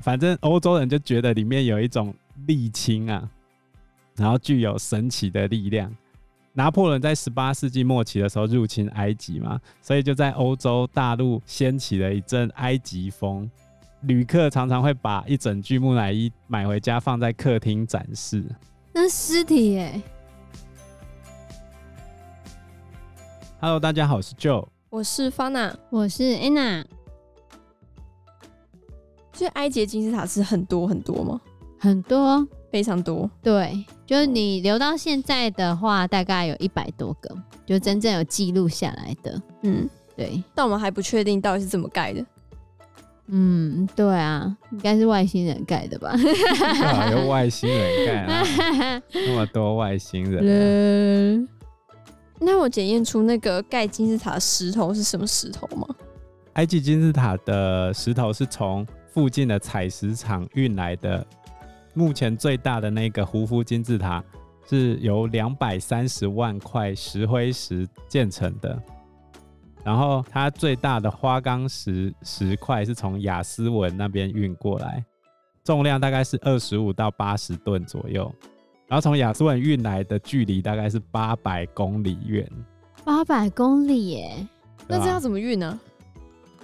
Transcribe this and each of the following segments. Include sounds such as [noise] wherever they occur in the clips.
反正歐洲人就覺得裡面有一種瀝青啊，然後具有神奇的力量。拿破崙在十八世紀末期的時候入侵埃及嘛，所以就在歐洲大陸掀起了一陣埃及風。旅客常常會把一整具木乃伊買回家放在客廳展示。那是屍體耶。Hello，大家好，是我是 Joe，我是 Fana，我是 Anna。所以埃及金字塔是很多很多嗎？很多，非常多。對，就是你留到現在的話，大概有一百多個，就真正有記錄下來的。嗯，對。但我們還不確定到底是怎麼蓋的。嗯，對啊，應該是外星人蓋的吧？ [laughs] [laughs] 有外星人蓋，那 [laughs] 麼多外星人。那我檢驗出那個蓋金字塔的石頭是什麼石頭嗎？埃及金字塔的石頭是從附近的採石場運來的。目前最大的那個胡夫金字塔是由兩百三十萬塊石灰石建成的。然後它最大的花崗石石塊是從亞斯文那邊運過來，重量大概是二十五到八十噸左右。然後從亞斯文運來的距離大概是八百公里遠，八百公里耶，那吧這要怎麼運呢、啊？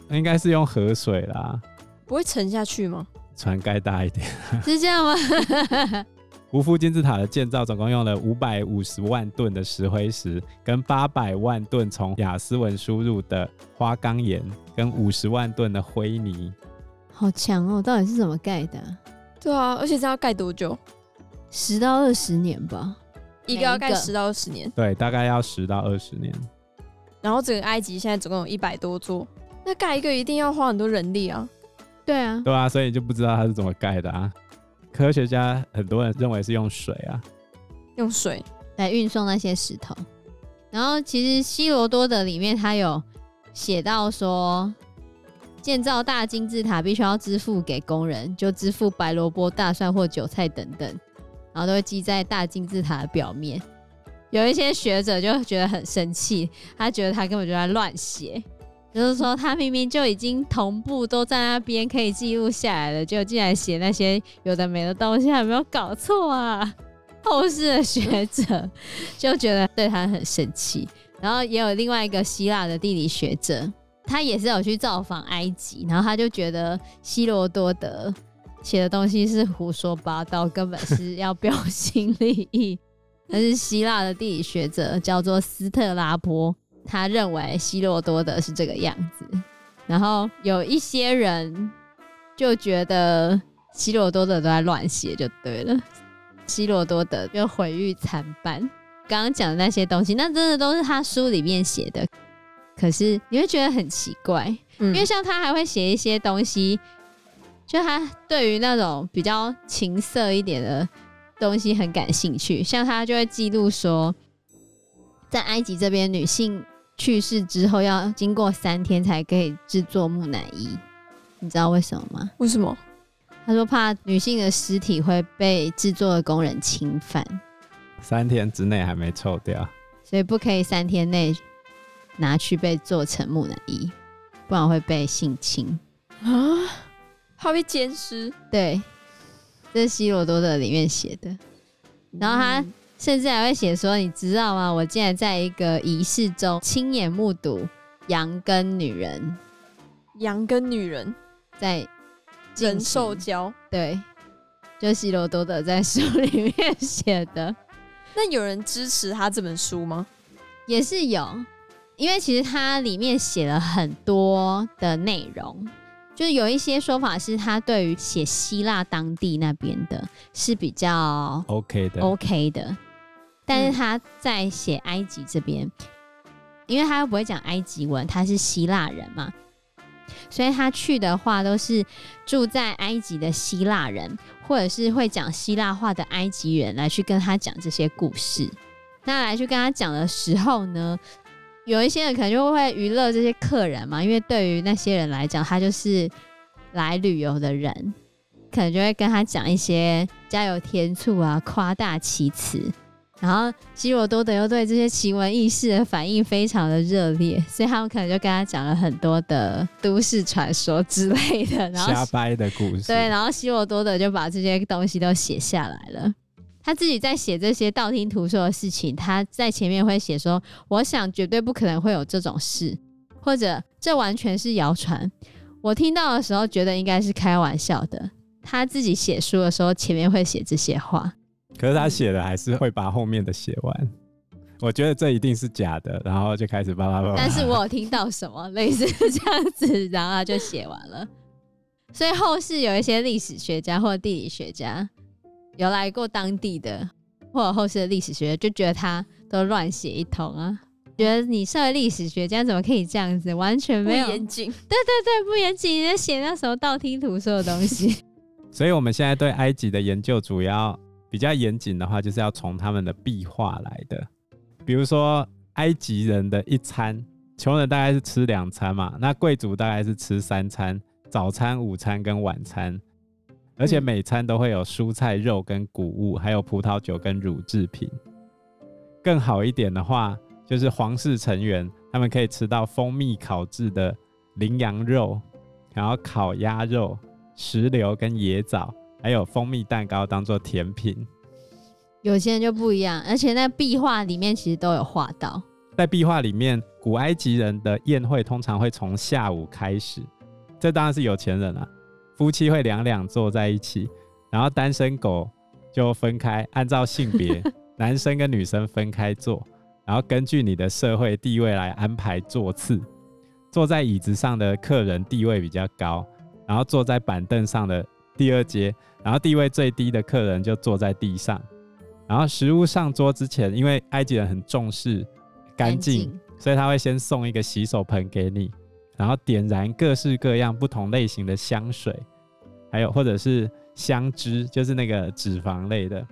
那應該是用河水啦，不會沉下去嗎？船蓋大一點， [laughs] 是這樣嗎？胡 [laughs] 夫金字塔的建造總共用了五百五十萬噸的石灰石，跟八百萬噸從亞斯文輸入的花崗岩，跟五十萬噸的灰泥，好強哦！到底是怎麼蓋的？對啊，而且這樣要蓋多久？十到二十年吧，一個要蓋十到二十年，對，大概要十到二十年。然後整個埃及現在總共有一百多座，那蓋一個一定要花很多人力啊，對啊，對啊，所以你就不知道它是怎麼蓋的啊。科學家很多人認為是用水啊，用水來運送那些石頭。然後其實希羅多德裡面他有寫到說，建造大金字塔必須要支付給工人，就支付白蘿蔔、大蒜或韭菜等等。然後都會記在大金字塔的表面。有一些學者就覺得很生氣，他覺得他根本就在亂寫，就是說他明明就已經同步都在那邊可以記錄下來了，就竟然寫那些有的沒的東西，還有沒有搞錯啊？後世的學者就覺得對他很生氣，然後也有另外一個希臘的地理學者，他也是有去造訪埃及，然後他就覺得希羅多德。寫的東西是胡說八道，根本是要標新立異。 [laughs] 但是希臘的地理學者叫做斯特拉波，他認為希羅多德是這個樣子。然後有一些人就覺得希羅多德都在亂寫，就對了。希羅多德又毀譽參半，剛剛講的那些東西，那真的都是他書裡面寫的。可是你會覺得很奇怪，嗯、因為像他還會寫一些東西。就他對於那種比較情色一點的東西很感興趣，像他就會記錄說，在埃及這邊，女性去世之後要經過三天才可以制作木乃伊，你知道為什麼嗎？為什麼？他說怕女性的屍體會被制作的工人侵犯，三天之內還沒臭掉，所以不可以三天內拿去被做成木乃伊，不然會被性侵啊。怕被姦屍，對，這、就是希羅多德裡面寫的。然後他甚至還會寫說：“嗯、你知道嗎？我竟然在一個儀式中親眼目睹羊跟女人，羊跟女人在人獸交。”對，就是、希羅多德在書裡面寫的。那有人支持他這本書嗎？也是有，因為其實他裡面寫了很多的內容。就是有一些說法是他對於寫希臘當地那邊的是比較 OK 的，OK 的對，但是他在寫埃及這邊，嗯、因為他又不會講埃及文，他是希臘人嘛，所以他去的話都是住在埃及的希臘人，或者是會講希臘話的埃及人來去跟他講這些故事。那來去跟他講的時候呢？有一些人可能就會娛樂這些客人嘛，因為對於那些人來講，他就是來旅遊的人，可能就會跟他講一些加油添醋啊，誇大其詞。然後希羅多德又對這些奇聞異事的反應非常的熱烈，所以他們可能就跟他講了很多的都市傳說之類的，然後瞎掰的故事。對，然後希羅多德就把這些東西都寫下來了。他自己在寫這些道聽途說的事情，他在前面會寫說：“我想絕對不可能會有這種事，或者這完全是謠傳。”我聽到的時候覺得應該是開玩笑的。他自己寫書的時候，前面會寫這些話。可是他寫的還是會把後面的寫完。我覺得這一定是假的，然後就開始巴拉巴拉。但是我有聽到什麼 [laughs] 類似這樣子，然後他就寫完了。所以後世有一些歷史學家或地理學家。有來過當地的，或者後世的歷史學就覺得他都亂寫一通啊，覺得你身為歷史學家怎麼可以這樣子，完全沒有嚴謹。嚴謹對對對，不嚴謹，你在寫那什麼道聽途說的東西。 [laughs] 所以我們現在對埃及的研究主要比較嚴謹的話，就是要從他們的壁畫來的。比如說埃及人的一餐，窮人大概是吃兩餐嘛，那貴族大概是吃三餐，早餐、午餐跟晚餐。而且每餐都會有蔬菜、肉跟穀物，還有葡萄酒跟乳製品。更好一點的話，就是皇室成員他們可以吃到蜂蜜烤製的羚羊肉，然後烤鴨肉、石榴跟椰棗，還有蜂蜜蛋糕當做甜品。有錢人就不一樣，而且在壁畫裡面其實都有畫到。在壁畫裡面，古埃及人的宴會通常會從下午開始，這當然是有錢人啊。夫妻會兩兩坐在一起，然後單身狗就分開，按照性別， [laughs] 男生跟女生分開坐，然後根據你的社會地位來安排座次，坐在椅子上的客人地位比較高，然後坐在板凳上的第二階，然後地位最低的客人就坐在地上。然後食物上桌之前，因為埃及人很重視乾淨，靜所以他會先送一個洗手盆給你，然後點燃各式各樣不同類型的香水。還有，或者是香脂，就是那個脂肪類的，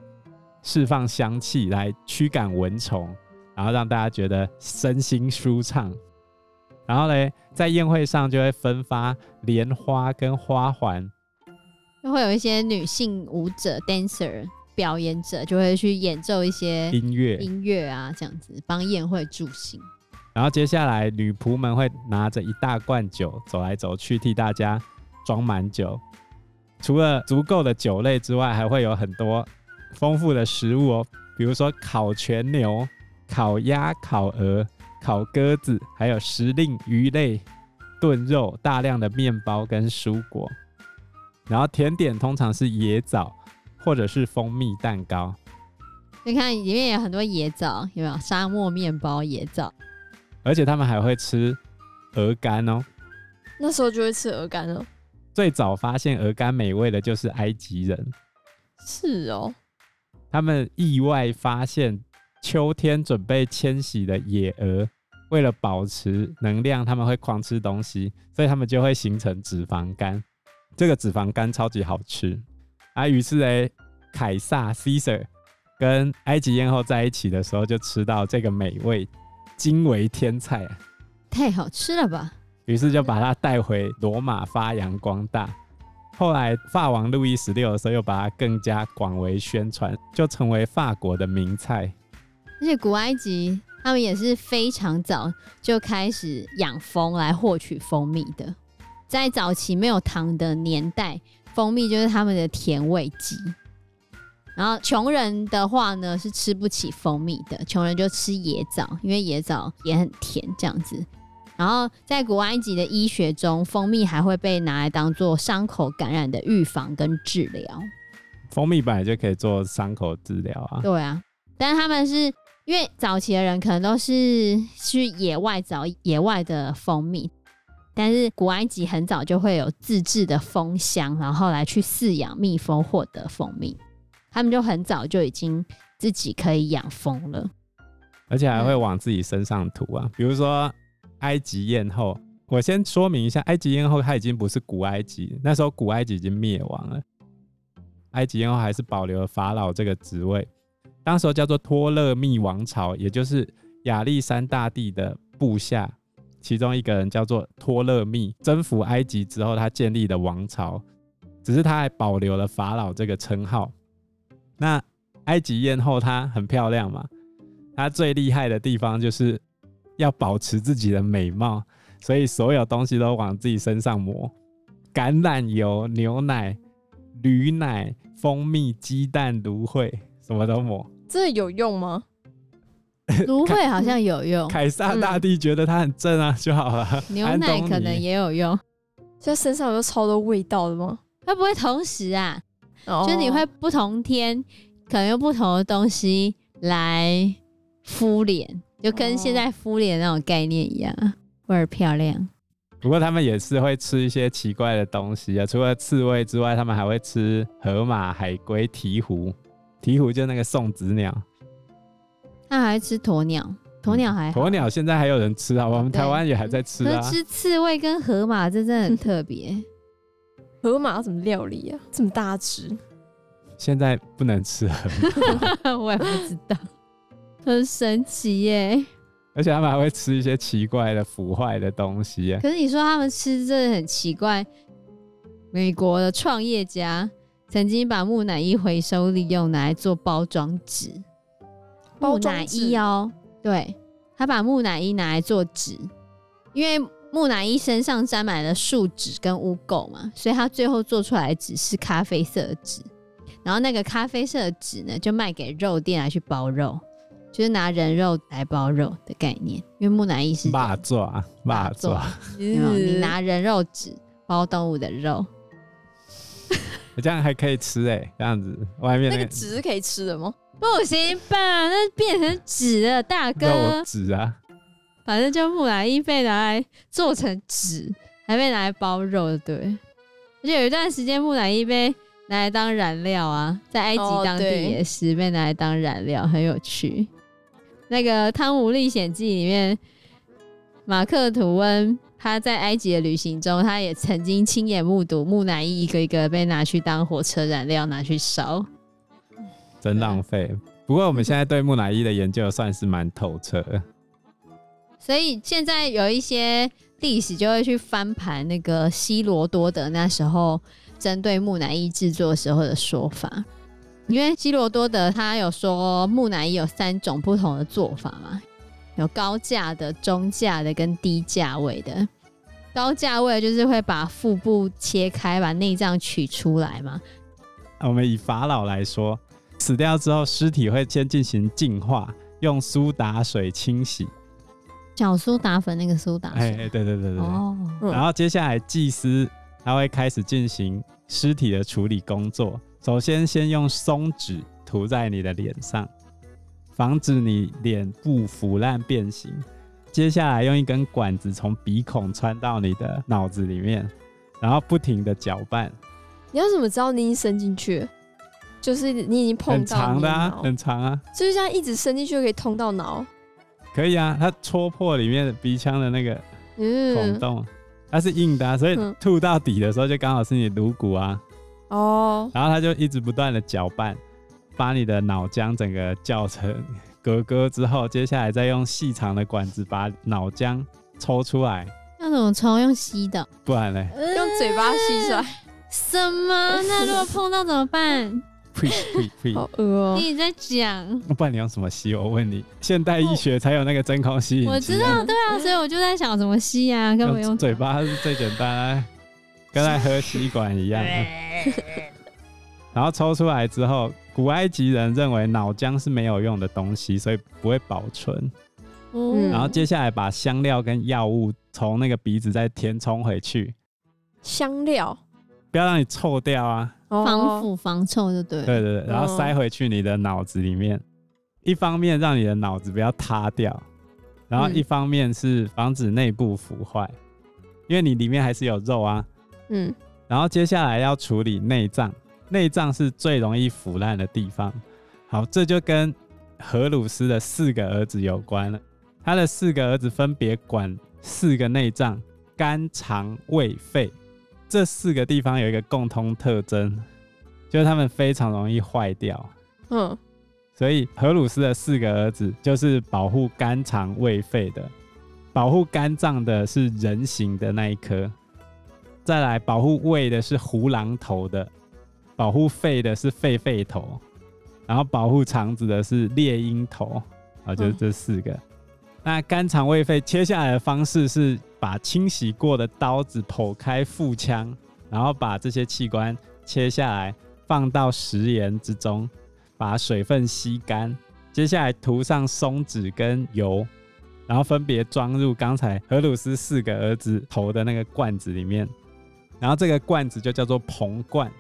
釋放香氣來驅趕蚊蟲，然後讓大家覺得身心舒暢。然後呢，在宴會上就會分發蓮花跟花環，就會有一些女性舞者 （dancer） 表演者就會去演奏一些音樂樂音樂啊，這樣子幫宴會助興。然後接下來，女僕們會拿着一大罐酒走來走去，替大家裝滿酒。除了足夠的酒類之外，還會有很多豐富的食物哦，比如說烤全牛、烤鴨、烤鵝、烤鴿子，還有時令魚類、燉肉、大量的麵包跟蔬果，然後甜點通常是椰棗或者是蜂蜜蛋糕。你看裡面有很多椰棗，有沒有沙漠麵包椰棗？而且他們還會吃鵝肝哦。那時候就會吃鵝肝哦。最早發現鵝肝美味的就是埃及人。是哦，他們意外發現秋天準備遷徙的野鵝，為了保持能量，他們會狂吃東西，所以他們就會形成脂肪肝，這個脂肪肝超級好吃，啊，於是嘞，凱撒 Caesar 跟埃及艷後在一起的時候就吃到這個美味，驚為天菜啊，太好吃了吧！於是就把它帶回羅馬發揚光大，後來法王路易十六的時候又把它更加廣為宣傳，就成為法國的名菜。而且古埃及他們也是非常早就開始養蜂來獲取蜂蜜的，在早期沒有糖的年代，蜂蜜就是他們的甜味劑。然後窮人的話呢是吃不起蜂蜜的，窮人就吃野棗，因為野棗也很甜，這樣子。然後，在古埃及的醫學中，蜂蜜還會被拿來當做傷口感染的預防跟治療。蜂蜜本來就可以做傷口治療啊。對啊，但是他們是因為早期的人可能都是去野外找野外的蜂蜜，但是古埃及很早就會有自制的蜂箱，然後來去飼養蜜蜂獲得蜂蜜。他們就很早就已經自己可以養蜂了，而且還會往自己身上塗啊，對比如說。埃及艷後，我先說明一下，埃及艷後她已經不是古埃及，那時候古埃及已經滅亡了。埃及艷後還是保留了法老這個職位，當時候叫做托勒密王朝，也就是亞歷山大帝的部下，其中一個人叫做托勒密，征服埃及之後他建立的王朝，只是他還保留了法老這個稱號。那埃及艷後她很漂亮嘛，她最厲害的地方就是。要保持自己的美貌，所以所有東西都往自己身上抹：橄欖油、牛奶、驢奶、蜂蜜、雞蛋、蘆薈，什麼都抹。這有用嗎？蘆薈好像有用。凱 [laughs] 撒大帝覺得它很正啊，嗯、就好了。牛奶可能也有用。就身上有超多味道的嗎？它不會同時啊？哦、就是你會不同天可能用不同的東西來敷臉。就跟現在敷臉那種概念一樣，味兒、oh. 漂亮。不過他們也是會吃一些奇怪的東西啊，除了刺蝟之外，他們還會吃河馬、海龜、鵜鶘。鵜鶘就是那個送子鳥。他還會吃鴕鳥，鴕鳥還鴕、嗯、鳥現在還有人吃啊，嗯、我們台灣也還在吃啊。吃刺蝟跟河馬這真的很特別、嗯。河馬怎麼料理啊？這麼大只，現在不能吃河馬。 [laughs] 我也不知道。 [laughs] 很神奇耶！而且他們還會吃一些奇怪的腐壞的東西。可是你說他們吃真的很奇怪。美國的創業家曾經把木乃伊回收利用，拿來做包裝紙。包裝紙哦，喔、對，他把木乃伊拿來做紙，因為木乃伊身上沾滿了樹脂跟污垢嘛，所以他最後做出來的紙是咖啡色紙。然後那個咖啡色紙呢，就賣給肉店來去包肉。就是拿人肉來包肉的概念，因為木乃伊是霸座啊。霸座罵罵，你拿人肉紙包動物的肉，我 [laughs] 這樣還可以吃哎、欸，這樣子外面那個紙是可以吃的嗎？不行吧，那變成紙了，大哥。紙啊，反正就木乃伊被拿來做成紙，還被拿來包肉的，對。而且有一段時間木乃伊被拿來當燃料啊，在埃及當地也是、哦、被拿來當燃料，很有趣。那個《湯姆歷險記》裡面，馬克吐溫他在埃及的旅行中，他也曾經親眼目睹木乃伊一個一個被拿去當火車燃料，拿去燒，嗯、對真浪費。不過我們現在對木乃伊的研究算是蠻透徹， [laughs] 所以現在有一些歷史就會去翻盤那個希羅多德那時候針對木乃伊制作的時候的說法。因為希羅多德他有說木乃伊有三種不同的做法嘛，有高價的、中價的跟低價位的。高價位就是會把腹部切開，把內臟取出來嘛。我們以法老來說，死掉之後，屍體會先進行淨化，用蘇打水清洗，小蘇打粉那個蘇打水。水、哎哎、對，對對對對。哦。然後接下來祭司他會開始進行屍體的處理工作。首先，先用松脂塗在你的臉上，防止你臉部腐爛變形。接下來，用一根管子從鼻孔穿到你的腦子裡面，然後不停的攪拌。你要怎麼知道你一伸進去？就是你已經碰到了很長的啊，很長啊，就是這樣一直伸進去就可以通到腦。可以啊，它戳破裡面的鼻腔的那個孔洞，嗯、它是硬的、啊，所以吐到底的時候就剛好是你顱骨啊。哦，oh. 然後他就一直不斷的攪拌，把你的腦漿整個攪成割割之後，接下來再用細長的管子把腦漿抽出來。要怎麼抽？用吸的？不然呢？用嘴巴吸出來？什麼？那如果碰到怎麼辦？呸呸呸！好噁。你在講？不然你用什麼吸？我問你，現代醫學才有那個真空吸、啊。我知道，對啊，所以我就在想怎麼吸呀、啊？根本用，用嘴巴是最簡單。跟在喝吸管一樣，然後抽出來之後，古埃及人認為腦漿是沒有用的東西，所以不會保存。嗯，然後接下來把香料跟藥物從那個鼻子再填充回去。香料，不要讓你臭掉啊！防腐防臭就對。對對對，然後塞回去你的腦子裡面，一方面讓你的腦子不要塌掉，然後一方面是防止內部腐壞，因為你裡面還是有肉啊。嗯，然後接下來要處理內臟，內臟是最容易腐爛的地方。好，這就跟荷魯斯的四個兒子有關了。他的四個兒子分別管四個內臟：肝、腸、胃、肺。這四個地方有一個共通特徵，就是他們非常容易壞掉。嗯，所以荷魯斯的四個兒子就是保護肝、腸、胃、肺的。保護肝臟的是人形的那一顆。再來保護胃的是胡狼頭的，保護肺的是狒狒頭，然後保護腸子的是獵鷹頭，啊，就是這四個。嗯、那肝、腸、胃、肺切下來的方式是把清洗過的刀子剖開腹腔，然後把這些器官切下來放到食鹽之中，把水分吸乾，接下來塗上松脂跟油，然後分別裝入剛才荷魯斯四個兒子頭的那個罐子裡面。然後這個罐子就叫做硼罐，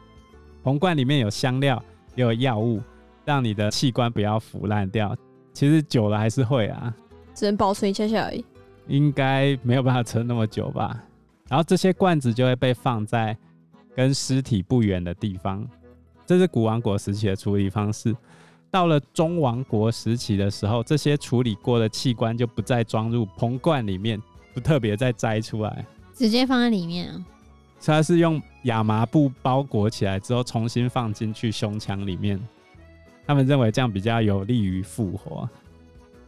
硼罐裡面有香料，也有藥物，讓你的器官不要腐爛掉。其實久了還是會啊，只能保存一下下而已。應該沒有辦法存那麼久吧？然後這些罐子就會被放在跟屍體不遠的地方。這是古王國時期的處理方式。到了中王國時期的時候，這些處理過的器官就不再裝入硼罐裡面，不特別再摘出來，直接放在裡面啊。它是用亞麻布包裹起來之後，重新放進去胸腔裡面。他們認為這樣比較有利於復活。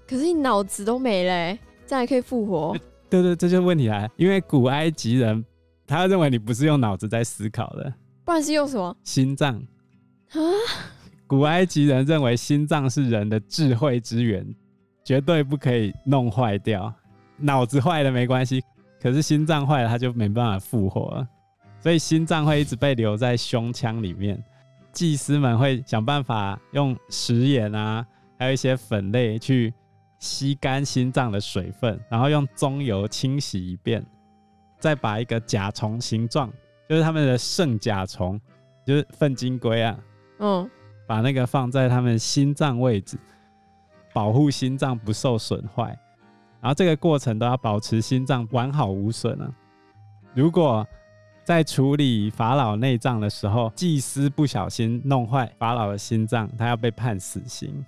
可是你腦子都沒了，這樣還可以復活？欸、對，對對，這就是問題啊，因為古埃及人他認為你不是用腦子在思考的，不然是用什麼？心臟臟蛤古埃及人認為心臟是人的智慧之源，絕對不可以弄壞掉。腦子壞了沒關係，可是心臟壞了他就沒辦法復活了。所以心臟會一直被留在胸腔裡面，祭司們會想辦法用食鹽啊，還有一些粉類去吸乾心臟的水分，然後用棕油清洗一遍，再把一個甲蟲形狀，就是他們的聖甲蟲，就是糞金龜啊，嗯，把那個放在他們心臟位置，保護心臟不受損壞，然後這個過程都要保持心臟完好無損啊，如果，在處理法老內臟的時候，祭司不小心弄壞法老的心臟，他要被判死刑。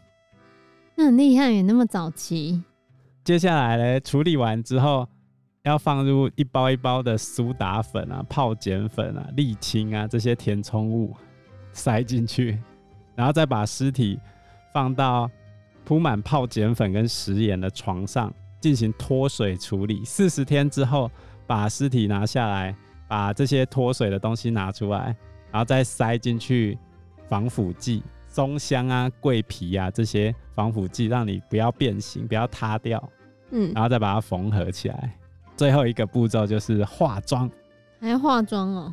那很厲害，也那麼早期。接下來呢，處理完之後，要放入一包一包的蘇打粉啊、泡鹼粉啊、瀝青啊這些填充物塞進去，然後再把屍體放到鋪滿泡鹼粉跟食鹽的床上進行脫水處理。四十天之後，把屍體拿下來。把這些脫水的東西拿出來，然後再塞進去防腐劑、松香啊、桂皮啊這些防腐劑，讓你不要變形、不要塌掉。嗯，然後再把它縫合起來。最後一個步驟就是化妝，還要化妝哦。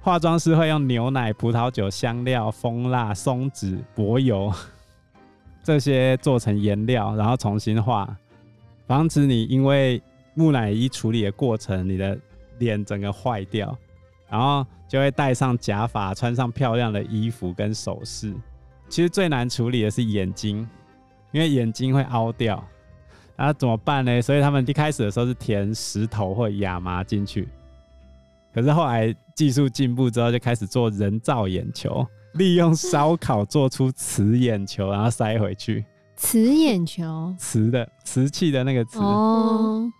化妝師會用牛奶、葡萄酒、香料、蜂蠟、松脂、柏油 [laughs] 這些做成顏料，然後重新化，防止你因為木乃伊處理的過程你的。臉整個壞掉，然後就會戴上假髮，穿上漂亮的衣服跟首飾。其實最難處理的是眼睛，因為眼睛會凹掉，然、啊、後怎麼辦呢？所以他們一開始的時候是填石頭或亞麻進去，可是後來技術進步之後，就開始做人造眼球，利用燒烤做出瓷眼球，然後塞回去。瓷眼球，瓷的瓷器的那個瓷。哦。Oh.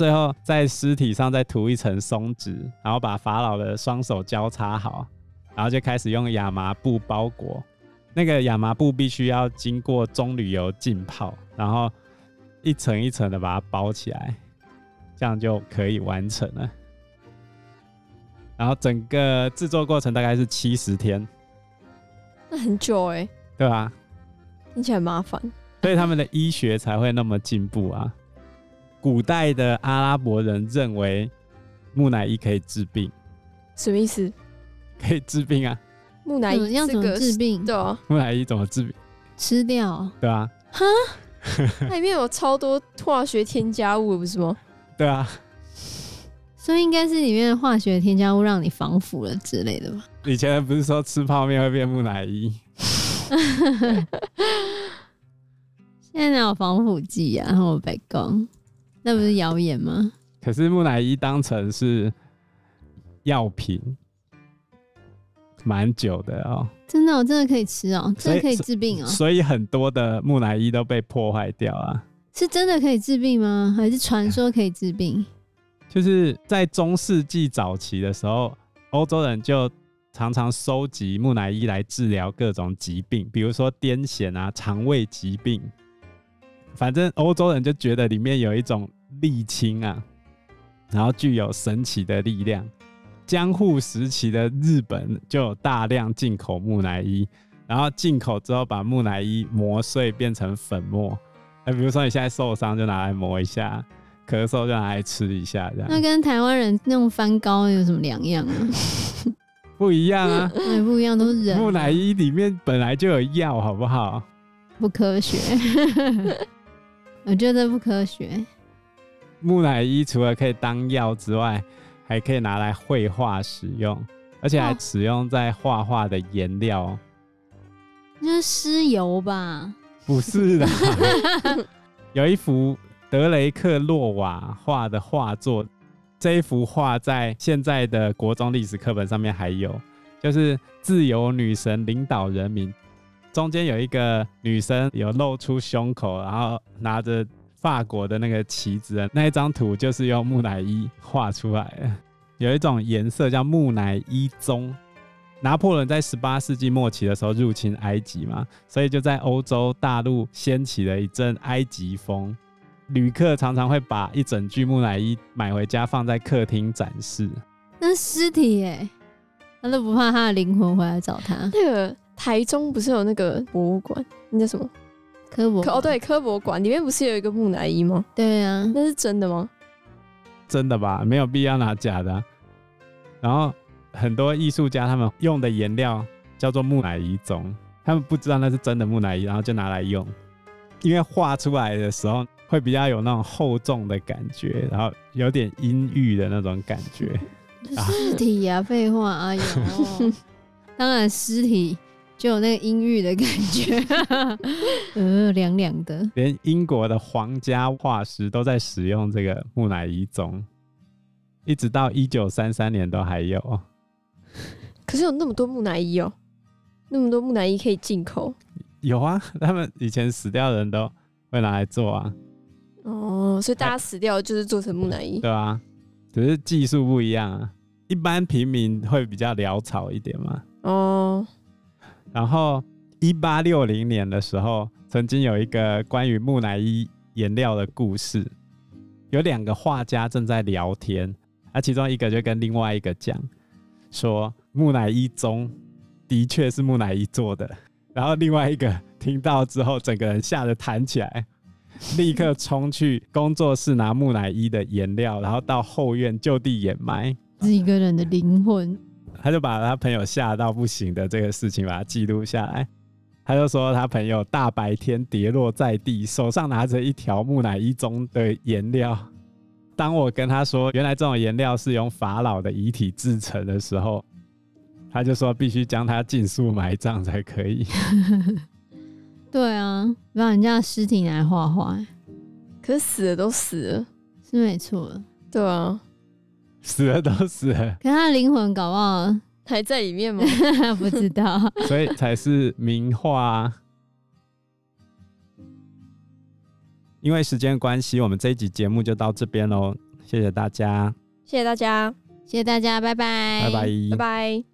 最後，在屍體上再塗一層松脂，然後把法老的雙手交叉好，然後就開始用亞麻布包裹。那個亞麻布必須要經過棕櫚油浸泡，然後一層一層的把它包起來，這樣就可以完成了。然後整個製作過程大概是七十天，那很久哎、欸，對吧、啊？聽起來很麻煩，所以他們的醫學才會那麼進步啊。古代的阿拉伯人認為木乃伊可以治病，什麼意思？可以治病啊？木乃伊、嗯、要怎麼治病？對、啊、木乃伊怎麼治病？吃掉、啊？對啊，哈蛤， [laughs] 它裡面有超多化學添加物有有，不是嗎？對啊，所以應該是裡面的化學添加物讓你防腐了之類的吧？以前不是說吃泡麵會變木乃伊， [laughs] [laughs] 現在哪有防腐劑啊，然後我白講。那不是謠言嗎？可是木乃伊當成是藥品，蠻久的哦，喔。真的，喔，我真的可以吃哦，喔，真的可以治病哦，喔。所以很多的木乃伊都被破壞掉啊，是真的可以治病嗎？還是傳說可以治病？ [laughs] 就是在中世紀早期的時候，歐洲人就常常收集木乃伊來治療各種疾病，比如說癲癇啊、腸胃疾病。反正歐洲人就覺得裡面有一種瀝青啊，然後具有神奇的力量。江戶時期的日本就有大量進口木乃伊，然後進口之後把木乃伊磨碎變成粉末，哎、欸，比如說你現在受傷就拿來磨一下，咳嗽就拿來吃一下，這樣。那跟台灣人那種番膏有什麼兩樣啊？ [laughs] 不一樣啊不、哎，不一樣，都是人、啊。木乃伊裡面本來就有藥，好不好？不科學。 [laughs] 我覺得不科學。木乃伊除了可以當藥之外，還可以拿來繪畫使用，而且還使用在畫畫的顏料，就、哦、是屍油吧？不是的， [laughs] 有一幅德雷克洛瓦畫的畫作，這一幅畫在現在的國中歷史課本上面還有，就是自由女神領導人民。中間有一個女生有露出胸口，然後拿着法國的那個旗子，那一張圖就是用木乃伊畫出來的，有一種顏色叫木乃伊棕。拿破崙在十八世紀末期的時候入侵埃及嘛，所以就在歐洲大陸掀起了一陣埃及風。旅客常常會把一整具木乃伊買回家放在客廳展示。那屍體哎、欸，他都不怕他的靈魂回來找他那個。 [laughs] 對台中不是有那個博物館，那叫什麼科博？哦，對，科博館裡面不是有一個木乃伊嗎？對啊，那是真的嗎？真的吧，沒有必要拿假的啊。然後很多藝術家他們用的顏料叫做木乃伊棕，他們不知道那是真的木乃伊，然後就拿來用，因為畫出來的時候會比較有那種厚重的感覺，然後有點陰鬱的那種感覺。屍體啊，廢話啊，有，哎、 [laughs] [laughs] 當然屍體。就有那個陰鬱的感覺， [laughs] 嗯，涼涼的。連英國的皇家畫師都在使用這個木乃伊棕，一直到一九三三年都還有。可是有那麼多木乃伊哦、喔，那麼多木乃伊可以進口？有啊，他們以前死掉的人都會拿來做啊。哦，所以大家死掉就是做成木乃伊？對啊，只是技術不一樣啊，一般平民會比較潦草一點嘛。哦。然後，一八六零年的時候，曾經有一個關於木乃伊顏料的故事。有兩個畫家正在聊天，而、啊、其中一個就跟另外一個講說：“木乃伊棕的確是木乃伊做的。”然後另外一個聽到之後，整個人嚇得彈起來，立刻衝去工作室拿木乃伊的顏料，然後到後院就地掩埋。是一個人的靈魂。他就把他朋友嚇到不行的這個事情把它記錄下來。他就說他朋友大白天跌落在地，手上拿着一條木乃伊棕的顏料。當我跟他說原來這種顏料是用法老的遺體製成的時候，他就說必須將他盡速埋葬才可以。 [laughs] 對啊，拿人家屍體來畫畫，欸，可是死了都死了，是沒錯的。對啊。死了都死了，可他的靈魂搞忘了，還在裡面嗎？ [laughs] 不知道， [laughs] 所以才是名畫啊。因為時間關係，我們這一集節目就到這邊嘍，謝謝大家，謝謝大家，謝謝大家，拜拜，拜拜，拜拜。